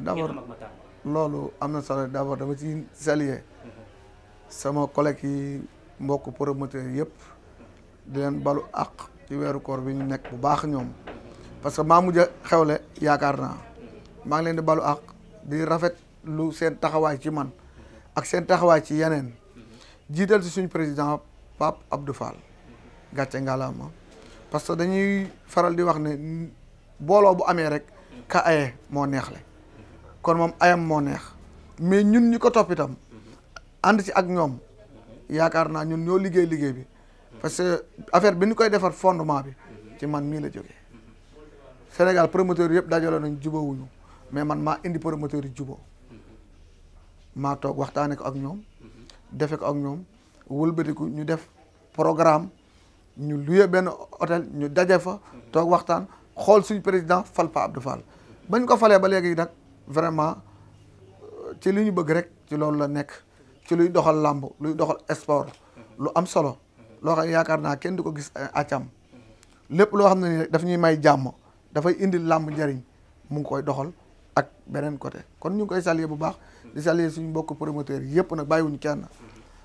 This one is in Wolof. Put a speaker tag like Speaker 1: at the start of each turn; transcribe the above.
Speaker 1: waaw lalu abord loolu dawar na solo d' dama ci sama collègue yi mbokk promoteur yep di balu ak ci weeru koor bi ñu bu baax ñoom parce que maa mujj a xewle ngi di balu ak di rafet lu sen taxawaay ci man ak sen taxawaay ci yeneen jiital si suñu président Pape Abdou Fall gàcce ngalaama parce que dañuy faral di wax ne kae bu amee rek ka kon moom ayam moo neex mais ñun ñi ko topp itam ànd ci ak ñoom yaakaar naa ñun ñoo liggéey liggéey bi parce que affaire bi ñu koy defar fondement bi ci man mii la jógee Sénégal promoteur yëpp dajaloo nañ jubóowuñu mais man maa indi promoteur yi jubóo maa toog waxtaane ak ñoom defe ko ak ñoom wëlbatiku ñu def programme ñu luye benn hôtel ñu daje fa toog waxtaan xool suñ président fal Pa Abdou Fall bañ ko falee ba léegi nag vraiment euh, ci li ñu bëgg rek ci loolu la nekk ci luy doxal làmb luy doxal sport lu am solo loo xam yaakaar naa kenn du ko gis accam euh, lépp loo xam ne ni daf ñuy may jàmm dafay indi làmb njariñ mu ngi koy doxal ak beneen côté kon ñu ngi koy saluer bu baax di saluer suñu mbokk promoteurs yëpp nag bàyyiwuñu kenn